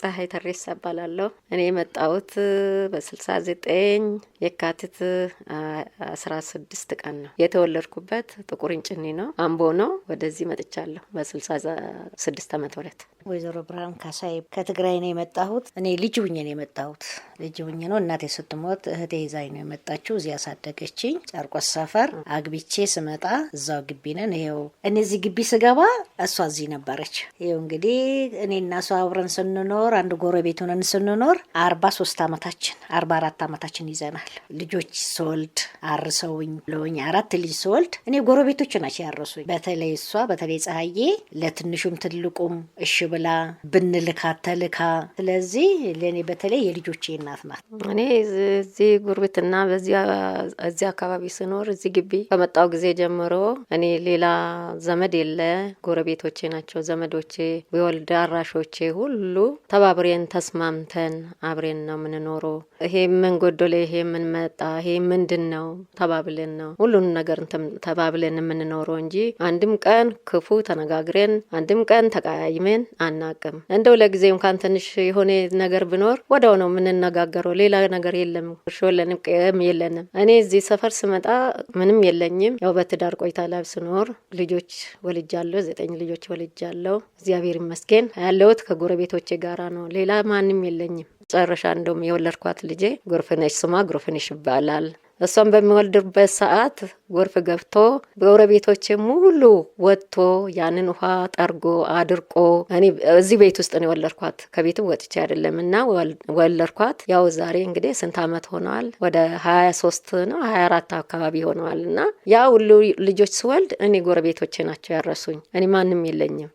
ፀሐይ ተሬሳ እባላለሁ። እኔ የመጣሁት በስልሳ ዘጠኝ የካቲት አስራ ስድስት ቀን ነው የተወለድኩበት። ጥቁር እንጭኒ ነው፣ አምቦ ነው። ወደዚህ መጥቻለሁ 6 ስድስት ዓመት ወረት። ወይዘሮ ብርሃን ካሳይ ከትግራይ ነው የመጣሁት። እኔ ልጅ ውኜ ነው የመጣሁት። ልጅ ውኜ ነው እናቴ ስትሞት እህቴ ይዛኝ ነው የመጣችው። እዚህ ያሳደገችኝ ጨርቆስ ሰፈር አግብቼ ስመጣ እዛው ግቢ ነን። ይኸው እኔ እዚህ ግቢ ስገባ እሷ እዚህ ነበረች። ይኸው እንግዲህ እኔ እና እሷ አብረን ስንኖር ስንኖር አንድ ጎረቤት ሆነን ስንኖር አርባ ሶስት አመታችን አርባ አራት አመታችን ይዘናል። ልጆች ስወልድ አርሰውኝ ለውኝ አራት ልጅ ስወልድ እኔ ጎረቤቶች ናቸው ያረሱኝ። በተለይ እሷ በተለይ ፀሐዬ ለትንሹም ትልቁም እሽ ብላ ብንልካ ተልካ። ስለዚህ ለእኔ በተለይ የልጆቼ እናት ናት። እኔ እዚህ ጉርብትና በዚህ አካባቢ ስኖር እዚህ ግቢ ከመጣው ጊዜ ጀምሮ እኔ ሌላ ዘመድ የለ ጎረቤቶቼ ናቸው ዘመዶቼ፣ የወልድ አራሾቼ ሁሉ ተባብሬን ተስማምተን አብሬን ነው የምንኖረው። ይሄ ምን ጎደለ፣ ይሄ ምን መጣ፣ ይሄ ምንድን ነው ተባብለን ነው ሁሉን ነገር ተባብለን የምንኖረው እንጂ አንድም ቀን ክፉ ተነጋግረን አንድም ቀን ተቀያይመን አናቅም። እንደው ለጊዜ እንኳን ትንሽ የሆነ ነገር ብኖር ወደው ነው የምንነጋገረው። ሌላ ነገር የለም። እርሾ የለንም፣ ቅም የለንም። እኔ እዚህ ሰፈር ስመጣ ምንም የለኝም። ያው በትዳር ቆይታ ላይ ስኖር ልጆች ወልጃለሁ፣ ዘጠኝ ልጆች ወልጃለሁ። እግዚአብሔር ይመስገን ያለሁት ከጎረቤቶቼ ጋራ ነው። ሌላ ማንም የለኝም። መጨረሻ እንደውም የወለድኳት ልጄ ጎርፍነሽ ስሟ ጎርፍነሽ ይባላል። እሷም በሚወልድበት ሰዓት ጎርፍ ገብቶ ጎረቤቶችም ሁሉ ወጥቶ ያንን ውሃ ጠርጎ አድርቆ እኔ እዚህ ቤት ውስጥ ነው የወለድኳት። ከቤትም ወጥቼ አይደለም እና ወለድኳት። ያው ዛሬ እንግዲህ ስንት ዓመት ሆነዋል? ወደ ሀያ ሶስት ነው ሀያ አራት አካባቢ ሆነዋል። እና ያ ሁሉ ልጆች ስወልድ እኔ ጎረቤቶቼ ናቸው ያረሱኝ። እኔ ማንም የለኝም።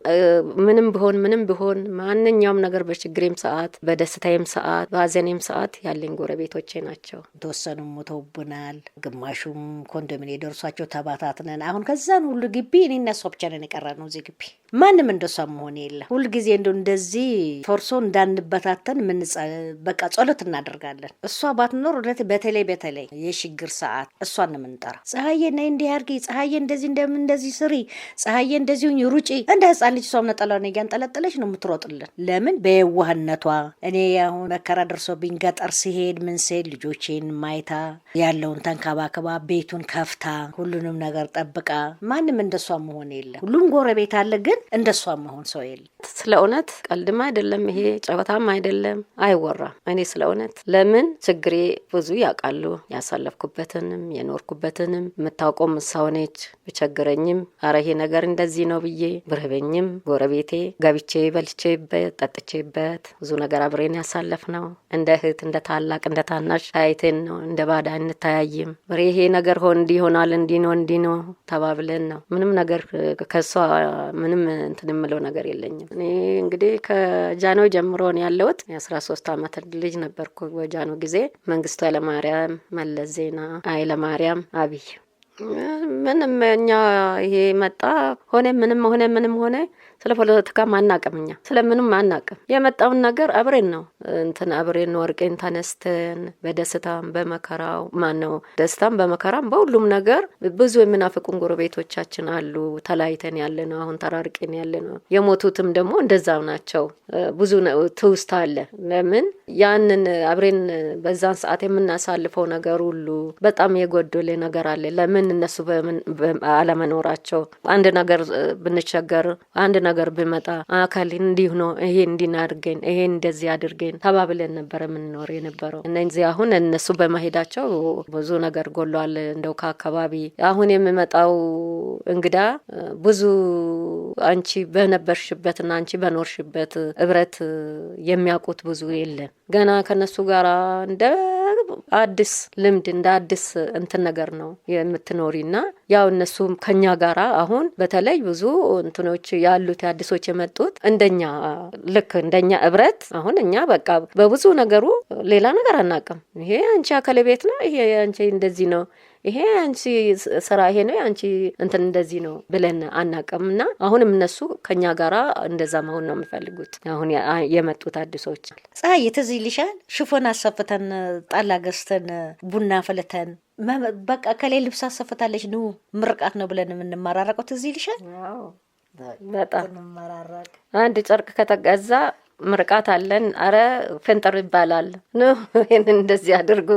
ምንም ብሆን ምንም ብሆን ማንኛውም ነገር በችግሬም ሰዓት፣ በደስታዬም ሰዓት፣ በሀዘኔም ሰዓት ያለኝ ጎረቤቶቼ ናቸው። የተወሰኑም ሞተውብናል፣ ግማሹም ኮንዶሚኔ የሚደርሷቸው ተባታትነን አሁን ከዛን ሁሉ ግቢ እኔ እና እሷ ብቻ ነን የቀረነው እዚህ ግቢ ማንም እንደሷ መሆን የለ። ሁልጊዜ እንደ እንደዚህ ፎርሶ እንዳንበታተን ምን በቃ ጸሎት እናደርጋለን። እሷ ባትኖር እውነት፣ በተለይ በተለይ የሽግር ሰዓት እሷን የምንጠራ ፀሐዬ፣ ነይ እንዲህ አድርጊ፣ ፀሐዬ፣ እንደዚህ እንደምን እንደዚህ ስሪ፣ ፀሐዬ፣ እንደዚሁ ሩጪ፣ እንደ ህፃን ልጅ እሷም ነ እያንጠለጠለች ነው የምትሮጥልን። ለምን በየዋህነቷ። እኔ አሁን መከራ ደርሶብኝ ገጠር ሲሄድ ምን ስሄድ ልጆቼን ማይታ ያለውን ተንከባክባ ቤቱን ከፍታ ሁሉንም ነገር ጠብቃ፣ ማንም እንደሷ መሆን የለ። ሁሉም ጎረቤት አለ ግን ግን እንደሷ መሆን ሰው የለም። ስለ እውነት ቀልድም አይደለም ይሄ ጨበታም አይደለም፣ አይወራም። እኔ ስለ እውነት ለምን ችግሬ ብዙ ያውቃሉ፣ ያሳለፍኩበትንም የኖርኩበትንም የምታውቀው ሰው ነች። ብቸግረኝም አረ ይሄ ነገር እንደዚህ ነው ብዬ ብርህበኝም ጎረቤቴ ገብቼ በልቼበት ጠጥቼበት ብዙ ነገር አብሬን ያሳለፍ ነው። እንደ እህት እንደ ታላቅ እንደ ታናሽ ታይቴን ነው እንደ ባዳ እንታያይም ብሬ ይሄ ነገር ሆን እንዲሆናል እንዲኖ እንዲኖ ተባብለን ነው ምንም ነገር ከሷ ምንም እንትን የምለው ነገር የለኝም። እኔ እንግዲህ ከጃኖ ጀምሮ ነው ያለሁት። የአስራ ሶስት አመት ልጅ ነበርኩ በጃኖ ጊዜ መንግስቱ ኃይለማርያም፣ መለስ ዜና፣ ኃይለማርያም አብይ ምንም እኛ ይሄ መጣ ሆነ ምንም ሆነ ምንም ሆነ ስለ ፖለቲካ አናቅም። እኛ ስለምንም አናቅም። የመጣውን ነገር አብሬን ነው እንትን አብሬን ወርቄን ተነስተን በደስታም በመከራው ማን ነው ደስታም በመከራም በሁሉም ነገር ብዙ የምናፍቁን ጎረቤቶቻችን አሉ። ተለያይተን ያለ ነው አሁን ተራርቄን ያለ ነው። የሞቱትም ደግሞ እንደዛ ናቸው። ብዙ ትውስታ አለ። ለምን ያንን አብሬን በዛን ሰዓት የምናሳልፈው ነገር ሁሉ በጣም የጎደለ ነገር አለ። ለምን ግን እነሱ አለመኖራቸው አንድ ነገር ብንቸገር፣ አንድ ነገር ብመጣ አካል እንዲሁ ነው ይሄ እንዲናድርገኝ ይሄ እንደዚህ አድርገኝ ተባብለን ነበር የምንኖር የነበረው። እነዚህ አሁን እነሱ በመሄዳቸው ብዙ ነገር ጎሏል። እንደው ከአካባቢ አሁን የምመጣው እንግዳ ብዙ አንቺ በነበርሽበት ና አንቺ በኖርሽበት እብረት የሚያውቁት ብዙ የለም ገና ከነሱ ጋር እንደ አዲስ ልምድ እንደ አዲስ እንትን ነገር ነው የምትኖሪና ያው እነሱም ከኛ ጋራ አሁን በተለይ ብዙ እንትኖች ያሉት አዲሶች የመጡት እንደኛ ልክ እንደኛ እብረት አሁን እኛ በቃ በብዙ ነገሩ ሌላ ነገር አናቅም። ይሄ አንቺ አከለ ቤት ነው፣ ይሄ አንቺ እንደዚህ ነው ይሄ አንቺ ስራ ይሄ ነው አንቺ እንትን እንደዚህ ነው ብለን አናቅም። እና አሁንም እነሱ ከኛ ጋራ እንደዛ መሆን ነው የሚፈልጉት። አሁን የመጡት አዲሶች ፀሐይ ትዝ ይልሻል፣ ሽፎን አሰፍተን ጣላ ገዝተን ቡና አፍልተን በቃ ከላይ ልብስ አሰፍታለች ኑ ምርቃት ነው ብለን የምንመራረቀው ትዝ ይልሻል በጣም አንድ ጨርቅ ከተገዛ ምርቃት አለን። አረ ፈንጠሩ ይባላል ኑ ይህን እንደዚህ አድርጉ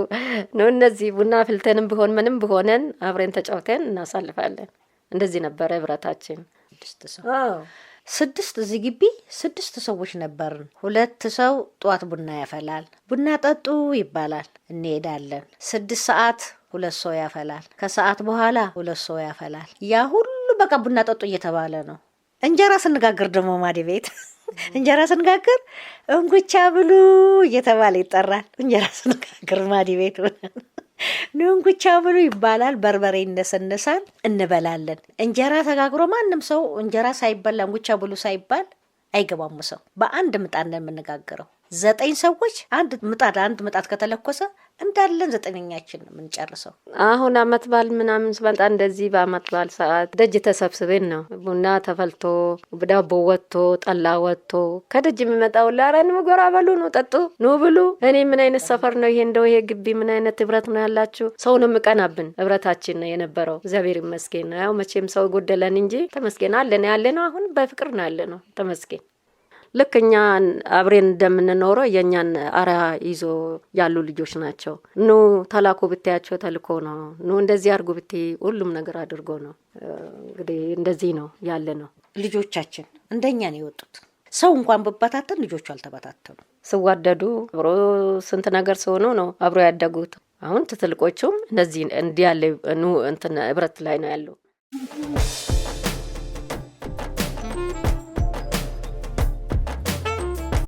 ኑ እነዚህ ቡና ፍልተንም ቢሆን ምንም ብሆነን አብረን ተጫውተን እናሳልፋለን። እንደዚህ ነበረ ህብረታችን። ስድስት ሰው ስድስት እዚህ ግቢ ስድስት ሰዎች ነበርን። ሁለት ሰው ጠዋት ቡና ያፈላል። ቡና ጠጡ ይባላል። እንሄዳለን። ስድስት ሰዓት ሁለት ሰው ያፈላል። ከሰዓት በኋላ ሁለት ሰው ያፈላል። ያ ሁሉ በቃ ቡና ጠጡ እየተባለ ነው። እንጀራ ስንጋግር ደግሞ ማዲ ቤት እንጀራ ስንጋግር እንጉቻ ብሉ እየተባለ ይጠራል። እንጀራ ስንጋግር ማዲ ቤት እንጉቻ ብሉ ይባላል። በርበሬ ይነሰነሳል፣ እንበላለን። እንጀራ ተጋግሮ ማንም ሰው እንጀራ ሳይበላ እንጉቻ ብሉ ሳይባል አይገባም። ሰው በአንድ ምጣን ነው የምንጋግረው። ዘጠኝ ሰዎች አንድ ምጣድ አንድ ምጣድ ከተለኮሰ እንዳለን ዘጠነኛችን ነው የምንጨርሰው። አሁን አመት በዓል ምናምን ስመጣ እንደዚህ በአመት በዓል ሰዓት ደጅ ተሰብስበን ነው ቡና ተፈልቶ ዳቦ ወጥቶ ጠላ ወጥቶ ከደጅ የሚመጣው ላረን ምጎራ በሉ ኑ ጠጡ ኑ ብሉ። እኔ ምን አይነት ሰፈር ነው ይሄ? እንደው ይሄ ግቢ ምን አይነት ህብረት ነው ያላችሁ? ሰው ነው የምቀናብን ህብረታችን ነው የነበረው። እግዚአብሔር ይመስገን። ያው መቼም ሰው ጎደለን እንጂ ተመስገን አለን ያለ ነው። አሁን በፍቅር ነው ያለ ነው። ተመስገን ልክ እኛ አብሬን እንደምንኖረው የእኛን አርያ ይዞ ያሉ ልጆች ናቸው። ኑ ተላኮ ብታያቸው ተልኮ ነው። ኑ እንደዚህ አድርጉ ብቴ ሁሉም ነገር አድርጎ ነው። እንግዲህ እንደዚህ ነው ያለ ነው። ልጆቻችን እንደኛ ነው የወጡት። ሰው እንኳን በባታተን ልጆቹ አልተባታተኑ። ስዋደዱ አብሮ ስንት ነገር ሲሆኑ ነው አብሮ ያደጉት። አሁን ትትልቆቹም እንደዚህ እንዲህ ያለ ኑ እንትን ህብረት ላይ ነው ያለው።